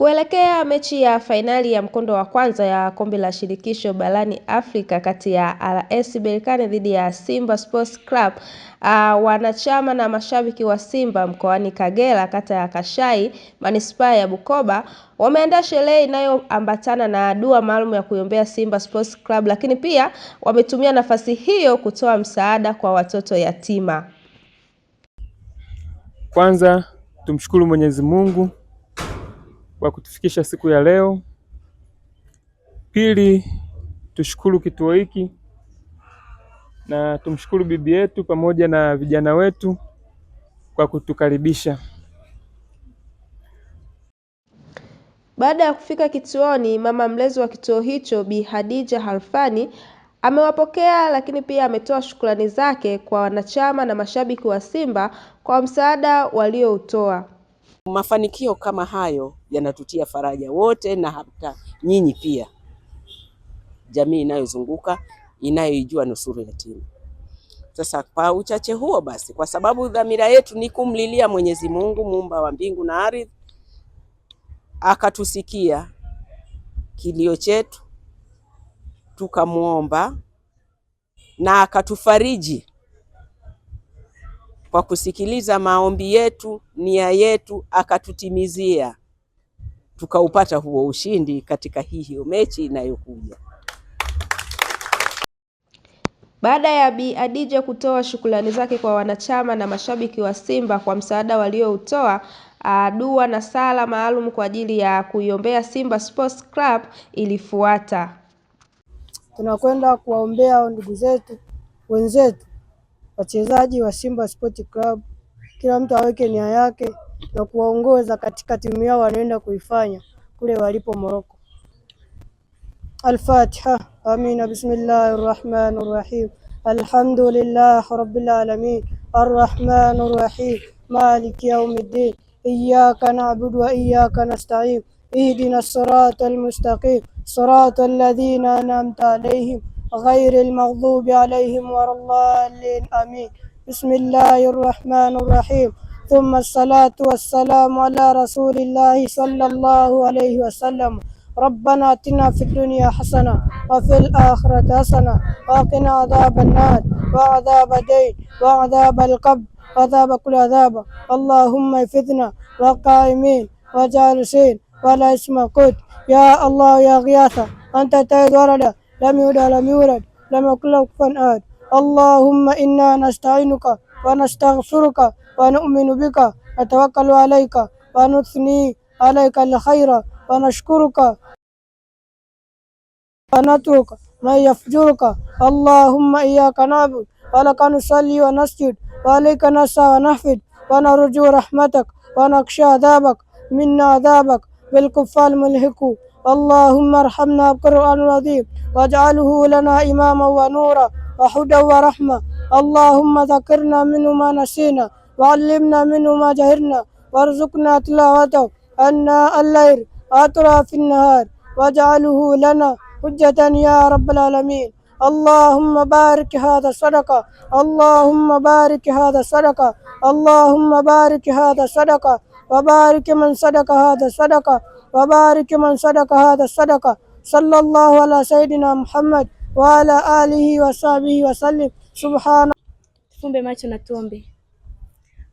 kuelekea mechi ya fainali ya mkondo wa kwanza ya kombe la shirikisho barani Afrika kati ya RS Berkane dhidi ya Simba Sports Club. Uh, wanachama na mashabiki wa Simba mkoani Kagera, kata ya Kashai, manispaa ya Bukoba wameandaa sherehe inayoambatana na dua maalum ya kuiombea Simba Sports Club, lakini pia wametumia nafasi hiyo kutoa msaada kwa watoto yatima. Kwanza tumshukuru Mwenyezi Mungu kwa kutufikisha siku ya leo. Pili, tushukuru kituo hiki na tumshukuru bibi yetu pamoja na vijana wetu kwa kutukaribisha. Baada ya kufika kituoni, mama mlezi wa kituo hicho Bi Hadija Halfani amewapokea lakini pia ametoa shukrani zake kwa wanachama na mashabiki wa Simba kwa msaada walioutoa. Mafanikio kama hayo yanatutia faraja wote na hata nyinyi pia, jamii inayozunguka inayoijua nusuru yatima. Sasa kwa uchache huo basi, kwa sababu dhamira yetu ni kumlilia Mwenyezi Mungu muumba wa mbingu na ardhi, akatusikia kilio chetu tukamwomba na akatufariji kwa kusikiliza maombi yetu, nia yetu, akatutimizia tukaupata huo ushindi katika hii hiyo mechi inayokuja. Baada ya Bi Adija kutoa shukrani zake kwa wanachama na mashabiki wa Simba kwa msaada walioutoa, dua na sala maalum kwa ajili ya kuiombea Simba Sports Club ilifuata. Tunakwenda kuwaombea ndugu zetu wenzetu Wachezaji wa Simba Sports Club kila mtu aweke nia yake na kuwaongoza katika timu yao wanaenda kuifanya kule walipo moroko alfatiha Amina. bismillahi Rahmanir Rahim. Alhamdulillah Rabbil Alamin. Arrahmanir Rahim. Maliki Yawmiddin. Iyyaka na'budu wa iyyaka nasta'in. ihdina siratal mustaqim. Siratal ladhina an'amta alayhim غير المغضوب عليهم ولا الضالين آمين بسم الله الرحمن الرحيم ثم الصلاة والسلام على رسول الله صلى الله عليه وسلم ربنا اتنا في الدنيا حسنة وفي الآخرة حسنة وقنا عذاب النار وعذاب الدين وعذاب القبر وعذاب كل عذاب اللهم افتنا وقائمين وجالسين ولا اسم قد يا الله يا غياثة أنت تدور لم يولد لم يولد لم يكن له كفوا أحد اللهم إنا نستعينك ونستغفرك ونؤمن بك نتوكل عليك ونثني عليك الخير ونشكرك ونترك ما يفجرك اللهم إياك نعبد ولك نصلي ونسجد وعليك نسعى ونحفد ونرجو رحمتك ونخشى عذابك منا عذابك بالكفار ملهك اللهم ارحمنا بقرآن العظيم واجعله لنا إماما ونورا وهدى ورحمة اللهم ذكرنا منه ما نسينا وعلمنا منه ما جهلنا وارزقنا تلاوته أنا الليل أطراف النهار واجعله لنا حجة يا رب العالمين اللهم بارك هذا الصدقة اللهم بارك هذا الصدقة اللهم بارك هذا الصدقة وبارك من صدق هذا الصدقة وبارك من صدق هذا الصدقة صلى الله على سيدنا Muhammad wa ala alihi wa sahbihi wasallim. Subhana. Tufumbe macho na tuombe.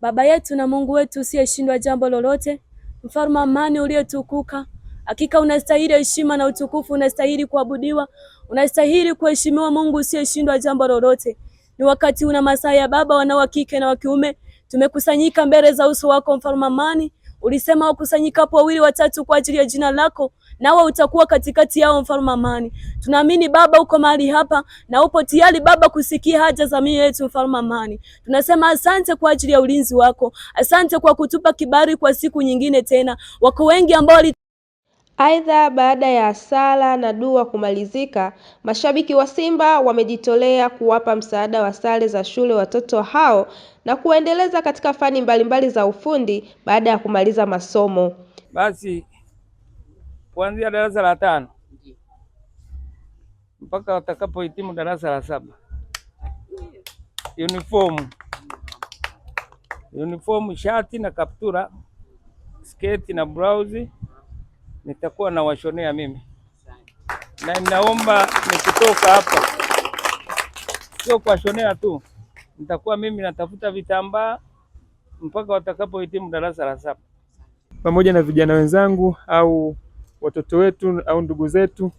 Baba yetu na Mungu wetu usiyeshindwa jambo lolote, mfalme amani uliyetukuka, hakika unastahili heshima na utukufu, unastahili kuabudiwa, unastahili kuheshimiwa, Mungu usiyeshindwa jambo lolote. Ni wakati una masaa ya baba, wana wa kike na wa kiume, tumekusanyika mbele za uso wako mfalme amani Ulisema wakusanyikapo wawili watatu kwa ajili ya jina lako, nawe utakuwa katikati yao, mfalme amani. Tunaamini Baba uko mahali hapa na upo tayari Baba kusikia haja za mioyo yetu, mfalme amani. Tunasema asante kwa ajili ya ulinzi wako, asante kwa kutupa kibali kwa siku nyingine tena. Wako wengi ambao Aidha baada ya sala na dua kumalizika, mashabiki wa Simba wamejitolea kuwapa msaada wa sare za shule watoto hao na kuendeleza katika fani mbalimbali za ufundi baada ya kumaliza masomo. Basi kuanzia darasa la tano mpaka watakapohitimu darasa la saba uniformu uniformu, shati na kaptura, sketi na blauzi nitakuwa nawashonea mimi, na ninaomba nikitoka hapa, sio kuwashonea tu, nitakuwa mimi natafuta vitambaa mpaka watakapohitimu darasa la saba, pamoja na vijana wenzangu au watoto wetu au ndugu zetu.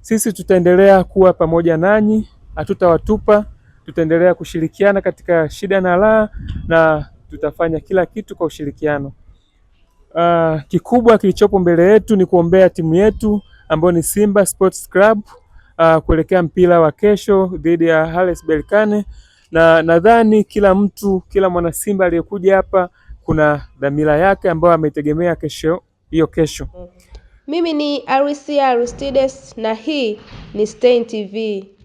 Sisi tutaendelea kuwa pamoja nanyi, hatutawatupa. Tutaendelea kushirikiana katika shida na raha, na tutafanya kila kitu kwa ushirikiano uh, kikubwa kilichopo mbele yetu ni kuombea timu yetu ambayo ni Simba Sports Club uh, kuelekea mpira wa kesho dhidi ya Hales Berkane, na nadhani kila mtu, kila mwana Simba aliyekuja hapa kuna dhamira yake ambayo ametegemea kesho hiyo kesho. Mimi ni Arisia Aristides na hii ni Stein TV.